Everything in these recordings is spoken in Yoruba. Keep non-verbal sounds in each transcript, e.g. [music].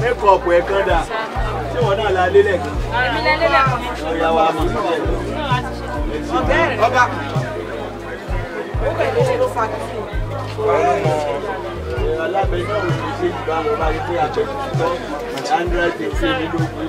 mẹ́kọ̀ọ̀pù ẹ̀ kan dà ṣé wọn náà la lélẹ̀ kan. èmi la lélẹ̀ kan. ọ̀yà wa mọ̀ nílẹ̀ lọ. ọ̀gá ẹ̀rẹ̀ ọ̀gá. ó bẹ̀rẹ̀ lóṣèlú ló fa kìsì. Eh, alábẹ̀ náà ò sì ṣe ìgbà wọn bá rí pé àjọ ìfúnpọ̀ andrew ṣe ṣe nínú ìlú.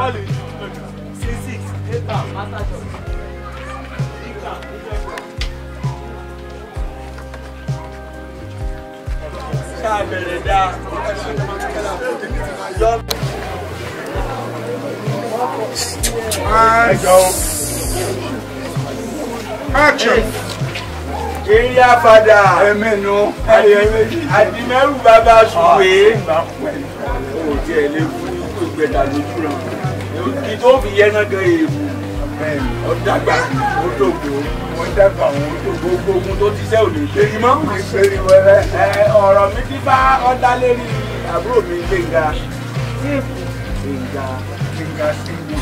bọ́ọ̀lù six six eight am master shop six am ìjẹ́pọ̀. ṣáà bẹ̀rẹ̀ dáa yọ. ẹjọ́ o action. eré àfàdà ẹ̀mẹ́nu àdìmẹ́rù bàbá ṣùgbọ́n. Ah. ó tiẹ̀ lè fún gbẹ̀dà lójú rẹ̀ kí tó fi yẹnà gan èrò ọ̀dàgbà òdògbò wọ́n dàgbà òun tó gbogbo ogun tó ti sẹ́ ò lè gbérí mọ́. ìgbérí wẹrẹ. ẹ ọ̀rọ̀ mi ti bá ọ̀dà lérí àbúrò mi gbẹ̀ngà gbẹ̀ngà gbẹ̀ngà sígù.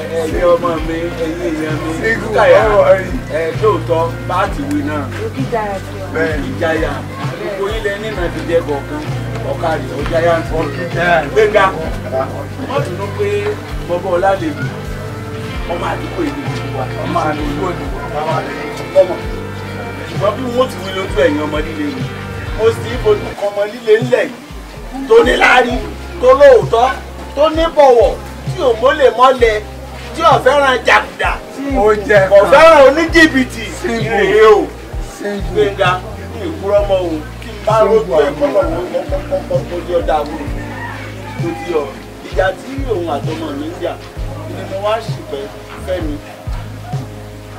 ẹ̀yin ọmọ mi ẹ̀yin èèyàn mi sígù ọwọ́ rí. ẹ lóòótọ́ bá ti wí náà. ìjayà ìjayà gbogbo ilẹ̀ ti jẹ́ kọ̀ọ̀kan ọ̀kadì ọjà yàtọ̀ gbẹ̀ngà wọ́n tún pé bọ́bọ́ ọ̀làdèbù ọmọ àdúgbò ìlú wa ọmọ àdúgbò ìlú wa ọmọ ṣùgbọ́n bí wọ́n ti wí lójú ẹ̀yìn ọmọ líle yìí mo sì ń fojú kan ọmọ líle ńlẹ̀ yìí tó ní láárí tó lóòótọ́ tó ní bọ̀wọ̀ tí ò mólè mọ́lẹ̀ tí ò jàgùdà kò oníjìbìtì ìrèé o gbẹ̀ngà ìkúrọ́mọ òun bá rojú ẹ kọ́kọ́ kọ́kọ́ kó di ọ̀dà wò kó di ọ̀ ìjà tí òun àtọmọ mi ń jà ni mo wá ṣìpẹ́ fẹ́mi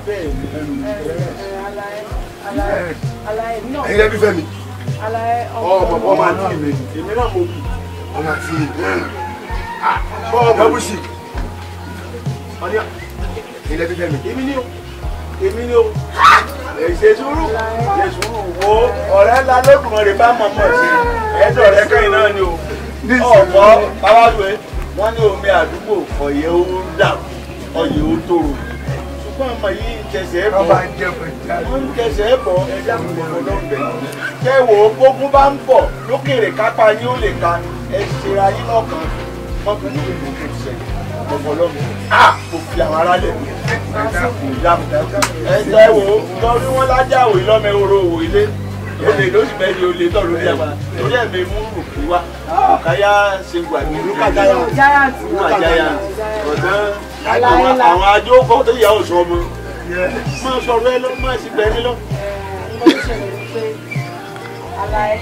bẹ́ẹ̀ ni ẹnu mi bẹ́ẹ̀. ẹ̀yin lẹ́bí fẹ́mi ọmọ bọ́ máa ní ìlú èmi náà mo bì ọmọ àti bọ́ọ̀ bẹ́ẹ̀ bùsì ọ̀nìyàn ẹ̀yin lẹ́bí fẹ́mi èmi ni o èmi ni o ṣe sùúrù ṣe sùúrù wo ọ̀rẹ́ ńlá lẹ́kùnrin rẹ̀ bá mọ̀mọ́ sí ẹ̀ẹ́dọ̀ rẹ̀ kẹ́yìn náà ni o ọ̀pọ̀ báwáṣe wọ́n ní omi àdúgbò ọ̀yẹ́ ó dà ọ̀yẹ́ ó tòrò ṣùgbọ́n ọmọ yìí ń kẹsẹ̀ ẹ̀ bọ̀ wọ́n ń kẹsẹ̀ ẹ̀ bọ̀ ẹ̀dá kòkòrò lọ́gbẹ̀ kẹwò gbógun bá ń bọ̀ lókèrè kápá yín ó lè ka ẹ̀ ṣera yín lọ́kàn mọ́kànlélógún kò ṣẹ̀yìn ọ̀pọ̀lọpọ̀ à kò fi àwọn aráàlẹ̀ mi ẹ̀jẹ̀ wo lọ́rí wọn lájà àwò òwò ilé olè lóṣù mẹ́rin olè tọ̀ lórí àgbà lórí ẹ̀mí mú rùkú wá káyà ṣègùn àti rúkà jáyà rúkà jáyà ọ̀tán àwọn ajó kọ́ tó yà ọ̀ṣọ́ ọmọ máa sọ̀rọ̀ ẹ lọ máa sì gbẹ̀mí lọ. Alaye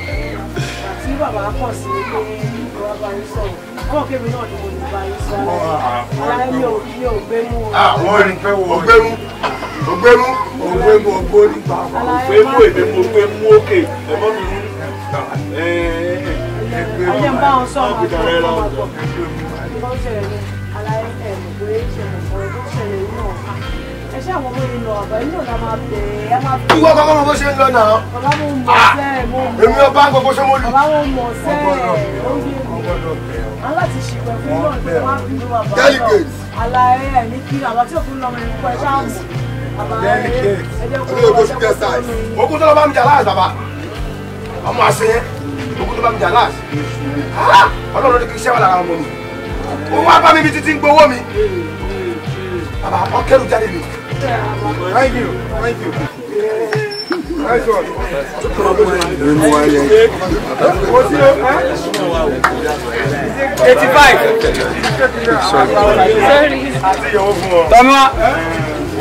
tí bàbá kàn sí pé ìjọba bá yín sọ̀rọ̀ kọ́ kébì náà ni mo lè bá yín sọ̀rọ̀ ara mi ò mi ò gbé mú o. àwọn orin fẹ́ wọ ọgbẹ́ mú ọgbẹ́ mú ọgbẹ́ mú ọgbẹ́ orí pa ọgbẹ́ mú èdè mo gbé mú òkè ẹ̀mọ́ mi mú. ẹ ẹ ẹ gbé mú ọgbẹ́ mú ọgbẹ́ mú ọgbẹ́ mú. ṣé àwọn ọmọ yìí bó ṣe ń lọ náà. bàbá mo mọ̀ ah! sẹ́ẹ̀ mo mọ̀. èmi ọba ń gbogbo ṣé bàbá mo mọ̀ sẹ́ẹ̀ ó yé mi. aláti ṣìpẹ̀ fún náà ni wọ́n á fi lu bàbá lọ. àlàyé ẹ̀ ní kí àwọn tí òkú lọ́mọ ẹ̀ ń pẹ́ ṣáàmù. Ogun tó lọ bá mi jà láàs bàbá. Ọmọ àṣeyẹ. Ogun tó bá mi jà láàs. Ah! Ọlọ́run ní kí iṣẹ́ wà lára ọmọ mi. Thank you. Thank you. Nice one. What's your huh? 85. Sorry. Sorry. Toma.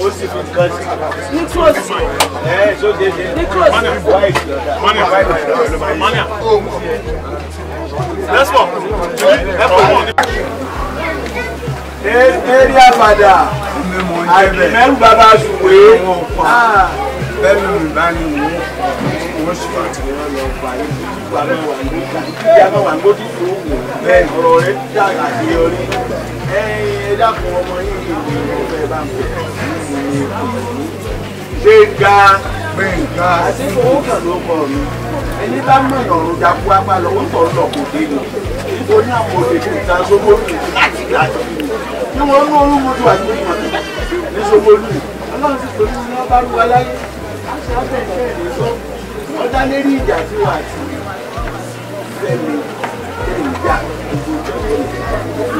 ó sì fi kan sí. ní kúròsì. ẹ ẹ tó dé dé. ní kúròsì. mọ́nìyà mọ́nìyà lẹ́sọ̀ lẹ́sọ̀ mọ́. eré àbàdà àgbẹ̀mẹ́rù bàbá ṣùgbé. bẹ́ẹ̀ni mi bá ní ìwé wọ́n ṣe àti wọ́n lọ gba ìlú ìgbà mẹ́wàá ní ìgbà mẹ́wàá ní ó dìbò wò bẹ́ẹ̀ ọ̀rọ̀ rẹ̀ dàgbà dé orí ẹ dákun ọmọ yín kì í ní ìfẹ́ bá mi ṣe ga gbẹ̀ngà àti fowókàn ló kọ mi ẹni bá mọ ìrọ̀rùn dàpọ̀ apá lọ́wọ́ tó ń lọ kò dé ni ó ní àwọn òṣèlú ìta sóbólù láti láti ní wọn ní orú mọ́tò àti mọ́tò ní sóbólù ọlọ́run sì pé ní wọn bá rú wa láyé àti abẹ́ẹ̀fẹ́ rẹ̀ sọ wọ́n dá lérí ìjà tí wọ́n àti ìfẹ́ mi ìjà ìjọba ìjọba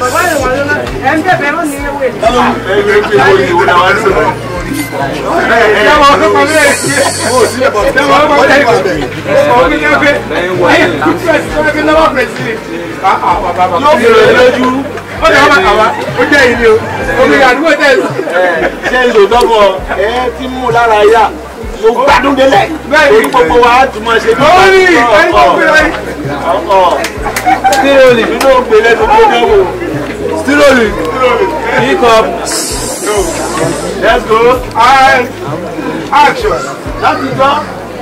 bàbá ìwà ló náà ẹ̀ ń bẹ̀bẹ̀ ó ní ewé. ẹ ẹ pé owó ìwé náà wá sọ̀rọ̀. Ṣé ìlò dọ́gbọ̀n ẹ ti mú lára yá? kò gbádùn délẹ̀ èyí gbogbo wa tún máa ṣe bí ọ̀ọ́ stiroli nínú ògbé lẹ́nu tó dẹ́wò stiroli pick up let's go action láti gbọ́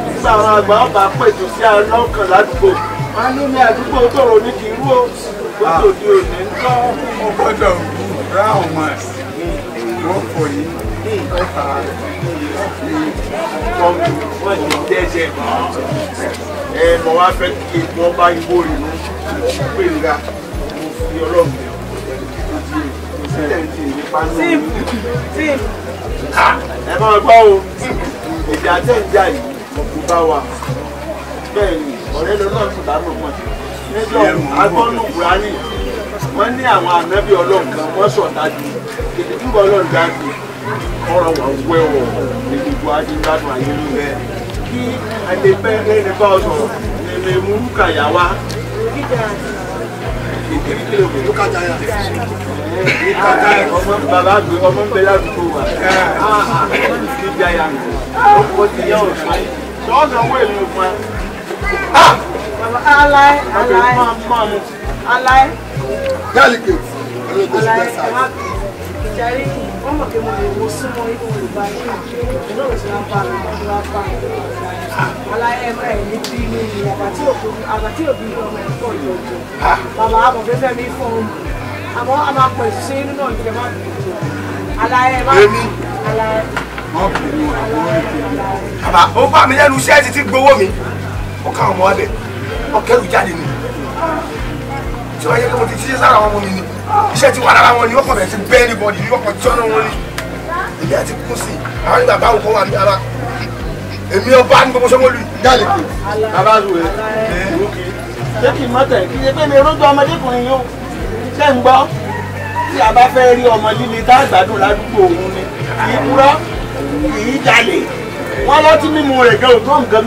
nígbà àwọn àgbà ọba pẹ̀tù sí alọ́kàn ládùúgbò wọn ní ní àdúgbò tòrò ní kí irú o tó di òní ń tọ́ ọgbọ́dọ̀ ra ọmọ ẹ̀ wọ́n yìí ẹ mọ̀ wá fẹ́ kí wọ́n bá igbó rè ló ọlọ́run ẹ máa gbọ́ o èdè àtẹ̀jà yìí wọ́n ní àwọn ànábì ọlọ́run kan wọ́n sọ̀tà ju èdè túbọ̀ ọlọ́run dáa ju ọ̀rọ̀ wà wẹ́ ọ̀ ní ajínigbádùn ayé rẹ̀ kí ẹgbẹ́ ẹni bá ọ sọ̀rọ̀ ẹni múlù wá. Bàbá àgbẹ̀ ọmọ ń bẹ ládùúgbò wa. Ìjà ya nù. Ó kọ́ ti yá ọ̀sán. Sọ́ọ̀sán owó èlò fún wa. Aláì, aláì, aláì. Gáàlì kejì, ọlọ́dún tó ti bẹ́ẹ̀ sáré. Ìjà rí kìí wọ́n mọ̀ pé mo lè wo súnmọ́ inú olùgbà yìí ìlú òwe tí wọ́n bá mi ló wá bá mi aláyẹ ẹ̀ka ẹ̀ ní bí inú mi àbátí òbí àbátí òbí ní ọmọ ẹ̀kọ́ ìjọjọ bàbá àmọ̀ fẹ́fẹ́ mi fọ́ ọ́n àmọ́ a máa pọ̀ ìṣiṣẹ́ inú náà jẹ́ má bìí jù aláyẹ lẹ́nu iṣẹ́ ti ti gbowó mi ó ọmọ ọbẹ̀ ọkẹ́rù jáde ni tí wọ́n yẹ kí mo ti ṣiṣẹ́ sára àwọn ọmọ ni iṣẹ́ ti wà wọn ni wọ́n kàn bẹ̀rẹ̀ sí bẹ́ẹ̀ ní bọ́ọ̀dì ní wọ́n kàn jọ́nà wọn ni ìbí àti kú sí àwọn ní bàbá òkú wà ní ara èmi ọba ní gbogbo sọmọlú dálé. aláàlú rẹ ṣé kì í má tẹ̀ kí ṣe pé mi rọ́jò ọmọdékùnrin yóò ṣe ń gbọ́ tí a bá fẹ́ rí ọmọ líle tá àgbàdo ládùúgbò òun ni kì í kúrọ́ kì í jalè wọ́n lọ́tí mímu rẹ̀ gan òtún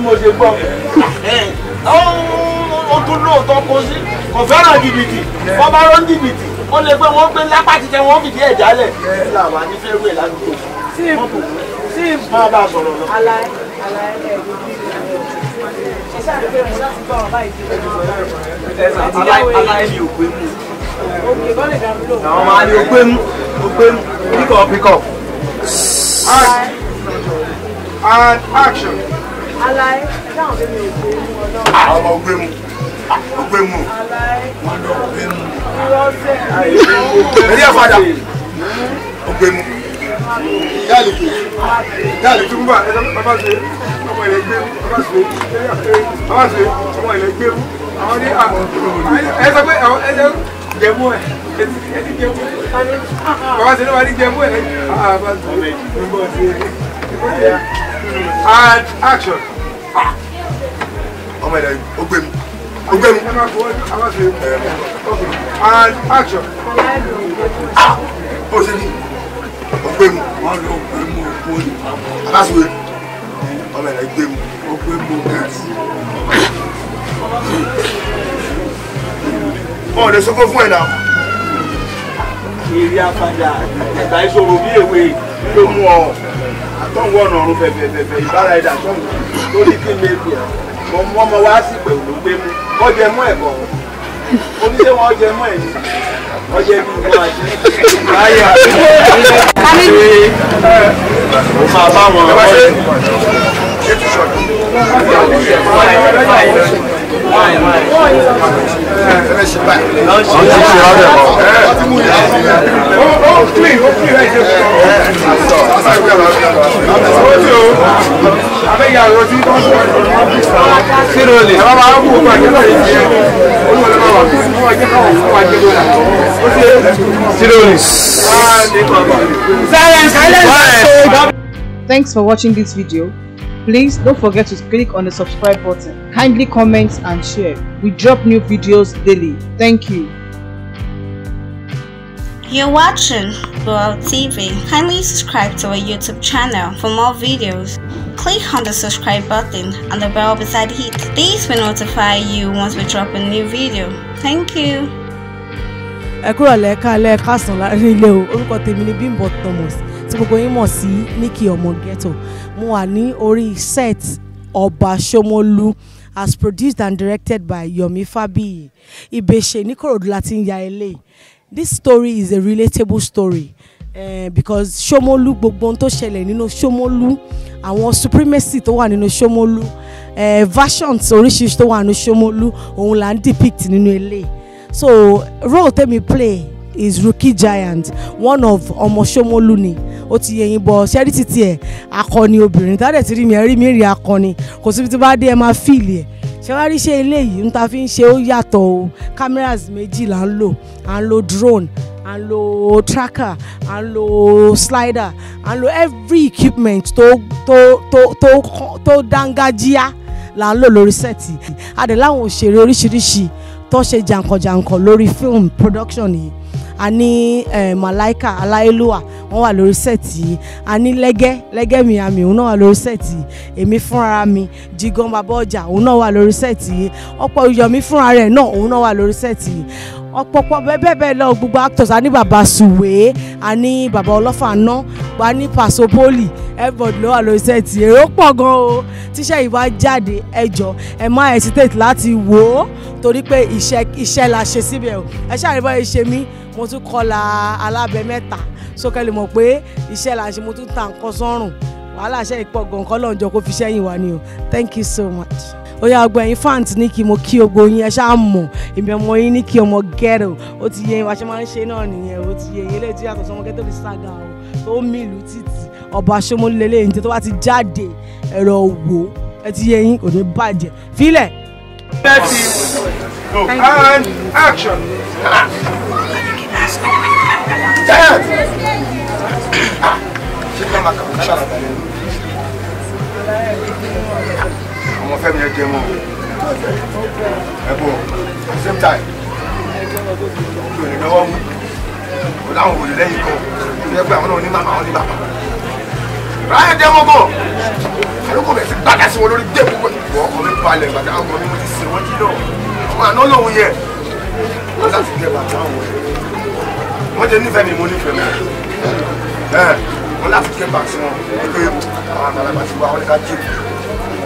tó lóòótọ́ kó sí kò fẹ́ràn jìbìtì wọ́n bá rán jìbìtì ó lè pé wọ́n gbé lápá títẹ wọ́n fìdí ẹ̀ jálẹ̀ kí làwọn anífẹ́ wẹ̀ ládùúgbò sí máa bá a sọ̀rọ̀ lọ. aláìní òkú emu àwọn máa ní òkú emu òkú emu pick up pick up. and action. aláì ẹ̀ka àwọn ọmọ mi ò gbé mu ọlọ́run. àwọn ọmọ ògbé mu ó gbé mu wọn lọ gbé mu èyí ẹ padà ó gbé mu yáàlì kì yáàlì kì múbà ẹ bàbá ṣe ọmọ ilẹ̀ gbé mu bàbá ṣe bàbá ṣe ọmọ ilẹ̀ gbé mu àwọn ní àwọn ẹ sọ pé àwọn ẹ jẹ jẹmú ẹ ẹ ti jẹmú ẹ bàbá ṣe ló wà ní jẹmú ẹ ah, bàbá ṣe bàbá ṣe and action ọmọ ilẹ̀ ó gbé mu. Okay. And action. Ah! Ó ṣe ní ọgbẹ́mu. Wọ́n lọ ọgbẹ́mu ògbóni. Abáṣuwe. Ọmọ ẹ̀rọ gbẹ́mu. Ọgbẹ́mu gẹ̀ẹ́sì. Wọ́n lè sọ́kọ́ fún ẹ̀dá. Eré apájà ẹ̀ka ìṣòro bí èwe ló mú ọ. Àtọ̀wọ̀ ọ̀nà ọ̀run fẹ̀fẹ̀fẹ̀fẹ̀ ìbára ẹ̀dá tọ̀hún lórí kí n lè fi ẹ̀. Mo mọ́ ọmọ wá sí pẹ̀lú gbẹ́mu wọ́n jẹ mú ẹ̀kọ́ oníṣẹ́ wọn jẹ mú ẹ̀yìn wọ́n jẹ mú ìwọ àti ayé àti ṣe ó máa bá wọn ẹ ṣe báyìí. wọ́n ti ṣe ọ̀rẹ́ bọ̀. ó ti mú ìyá sí i. ó kúlì ó kúlì láì ṣe fún ọ. ó ti o abẹ́yà ọ̀rọ̀ tí wọ́n ti wọ́n ti sọ̀rọ̀ lè. bàbá wa kú ọgbà jẹ́ báyìí jẹ́ olùwọ̀n lọ́wọ́ kú fún wa jẹ́ káwọn fún wa jẹ́ lọ́la. ó ti sírọ̀lì. silence silence. Thanks for watching this video. Please don't forget to click on the subscribe button. Kindly comment and share. We drop new videos daily. Thank you. You're watching Blue TV. Kindly subscribe to our YouTube channel for more videos. Click on the subscribe button and the bell beside it. This will notify you once we drop a new video. Thank you. ẹ kúrò lẹ́ka lẹ́ka sàn orúkọ tèmi ni Bímbọ́ Thomas tí gbogbo yín mọ̀ sí Nikki ọmọ ghetto mo wà ní orí set ọba Ṣómólú as produced and directed by Yomi Fabiyi Ìbẹ̀ṣẹ̀ nìkòròdú láti ń ya eléyìí this story is a relatable story eh, because Ṣómólú gbogbo ohun tó ṣẹlẹ̀ nínú Ṣómólú àwọn supremacy tó wà nínú Ṣómólú eh, versions oríṣiríṣi tó wà nínú Ṣómólú òun là ń depict nínú eléyìí so role tẹ́mi play is rookie giant one of ọmọṣọmọlú ni ó ti yẹyin bọ ṣẹ́rìtì tiẹ̀ akọni obìnrin tá a dẹ̀ ti rí mi ẹ̀ rí mi rí akọni kò síbi tí bá dé ẹ máa fíìlì ẹ̀ ṣé wàá rí ṣe eléyìí ń ta fi ń ṣe ó yàtọ̀ o cameras méjì là ń lò à ń lo drone à ń lo tracker à ń lo slider à ń lo every equipment tó tó tó tó tó dángájíá là ń lò lórí sẹ́ẹ̀tì adẹ̀ láwọn òṣèré oríṣiríṣi tó ṣe jàǹkànjàǹkàn lórí film production yìí a ní eh, Malaika Aláyélúwà wọ́n wà lórí sẹ́ẹ̀tì yìí a ní lẹ́gẹ́ lẹ́gẹ́ mi òun náà wà lórí sẹ́ẹ̀tì yìí èmi fúnra mi Jigan bàbá ọjà òun náà wà lórí sẹ́ẹ̀tì yìí ọ̀pọ̀ Yọ̀mí fúnra rẹ̀ náà òun náà wà lórí sẹ́ẹ̀tì yìí ọ̀pọ̀pọ̀ bẹ́ẹ̀ bẹ́ẹ̀ lọ gbogbo actors a ní baba Suwe a ní baba ọlọ́fà ná a ní Paso Poli everybody ló wà lórí sẹ́ẹ̀tì èrò pọ̀ gan o tíṣẹ́ yìí wá jáde ẹjọ́ ẹ má hesitate láti wò ó torí pé iṣẹ́ iṣẹ́ la ṣe síbẹ̀ o ẹ ṣàrìbọ̀ ẹ ṣe mí mo tún kọ́la alábẹ́ mẹ́ta sókè lè mọ̀ pé iṣẹ́ la ṣe mo tún ta nǹkan sọ́rùn wàhálà ṣe ìpọ̀ gan kọ́ lọ́njọ́ kó fi ṣẹ́yìn wá ni o thank you so much ó yá ọgbọ́n fans ní kí mo kí ogbó yín ẹ ṣáà mọ̀ èmi ọmọ yín ní kí ọmọ ghetto ó ti yẹ ìwà ṣe máa ń ṣe náà nìyẹn ó ti yẹ ìyẹn lè tí yàtọ̀ sọmọ ghetto fi ṣàgà o tó mí ìlú títì ọba ṣomólélé ìdí tó bá ti jáde ẹ̀rọ òwò ẹ ti yẹ yín kò ní bàjẹ́ fílẹ̀. thirty go and action. Thank you. [coughs] ọmọ fẹ́mi ẹ jẹ mọ́ ẹ bọ̀ at the same time kí o lè lọ́wọ́ mú o láwọn òòlù lẹ́yìn kan tó yẹ pé àwọn náà ní màmá àwọn ní bàbá ráyè jẹ mọ́ bọ̀ àlùkò bẹ̀ sí gbàgà sí wọn lórí dé gbogbo ìwọ ọkọ mi balẹ̀ gbàgà ọkọ mi mo ti sìn wọ́n jí lọ àwọn àná lòun yẹ wọ́n láti jẹ bàtà àwọn wọ́n jẹ nífẹ̀ẹ́ mi mo nífẹ̀ẹ́ mi ẹ̀ wọ́n láti jẹ bàtà wọn ẹgbẹ́ àwọn àgbàlagbà ti wá wọn ní ká jẹ́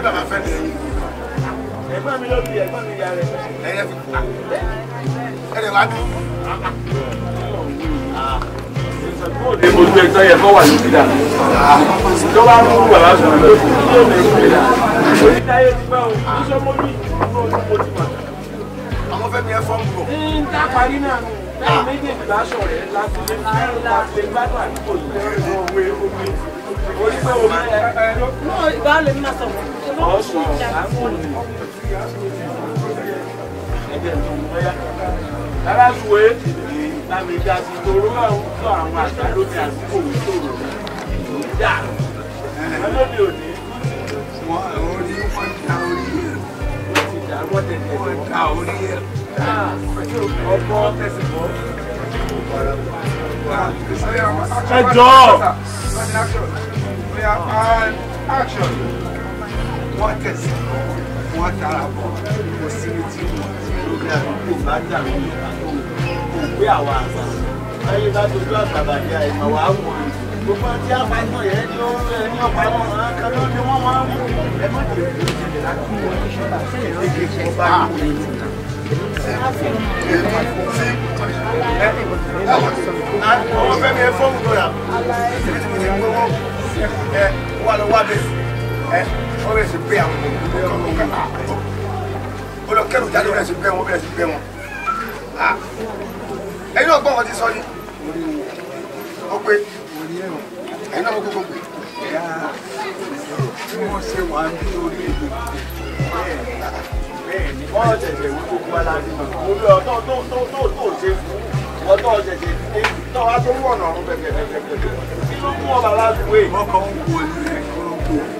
sí bàbá fẹ́ mi. ẹ̀gbọ́n mi ló bí ẹ̀gbọ́n mi yà rẹ̀. ẹ̀yẹ fi kú. ẹ̀rẹ̀ wá bí. Èmo ju ẹ̀tọ́ yẹ kọ́ ní ìdá. Tó bá mú bàbá sọ̀rọ̀ ló fi kí èmi ti gbọ́ o, iṣẹ́ mo ní ìlú ọdún mo ti mọ̀. Àwọn fẹ́ mi ẹ fọ́ ń bọ̀. Ń dá parí náà nù lẹ́yìn méjèèjì lásọ rẹ̀ láti lè gbádùn àdúgbò yìí. òwe omi orí pé omi ẹ ìbálẹ̀ mi máa sọ̀rọ̀. Rárá ìwé lámì dá sí toró àwùjọ àwọn àgbà lóde àdúgbò ìṣòro ìlú dà. Lọ́lọ́dẹ òní. Wọ́n orí wọ́n dá orí ẹ̀. Wọ́n ti dá wọ́n tẹ̀lé. Wọ́n dá orí ẹ̀. Ọkọ tẹ̀sí bọ́. Ẹ jọ̀ọ́. Action kẹsì wọn tara bọ kò síbi tí wọn ti lórí àdúgbò bá dàrú ìlànà kò gbé àwọn àgbà ayé bá dojú àgbàbàdé àìmọ̀ wàá wọ̀ gbogbo tí a yẹn ni ó ní ọ̀pá wọn máa kan ló ni wọ́n máa ń mú ẹ má jẹ́ ìdíje láti wọ́n ní ṣọ́ba sí ìrèké tí wọ́n bá ń mú ní ìtura. Àwọn ọmọ fẹ́ mi ẹ fọ́ọ̀mù lọ́la, ṣèbí tí mo ti gbowó, ẹ wà lọ́wọ́ abẹ́sí ẹ wọ́n bẹ̀rẹ̀ sí pé àwọn olùkẹ́rù jáde bẹ̀rẹ̀ sí pé wọ́n bẹ̀rẹ̀ sí pé wọ́n ah, ẹ̀yin ọgbọ́n wọn ti sọ ni ó pé ẹ̀yin náà mo kókó pé. tí wọ́n ṣe wà ní orí èdè bẹ́ẹ̀ ni wọ́n tẹ̀sẹ̀ wí kókó aláàbí mọ̀ orí ọ̀tọ̀ tó tó tó tó ṣe fún wọ́n tọ́ tẹ̀sẹ̀ dé tọ́ wá tó wọ̀nà ọ̀run bẹ̀bẹ̀bẹ̀bẹ̀ kí ló mú ọ bàbá àdúgbò yìí. wọ́n kàn ń wo ẹ̀kọ́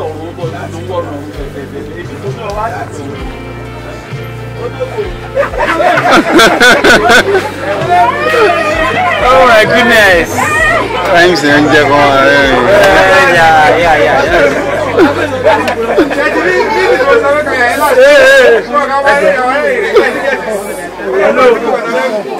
[laughs] oh my goodness. Thanks, Angel. Yeah, yeah, yeah,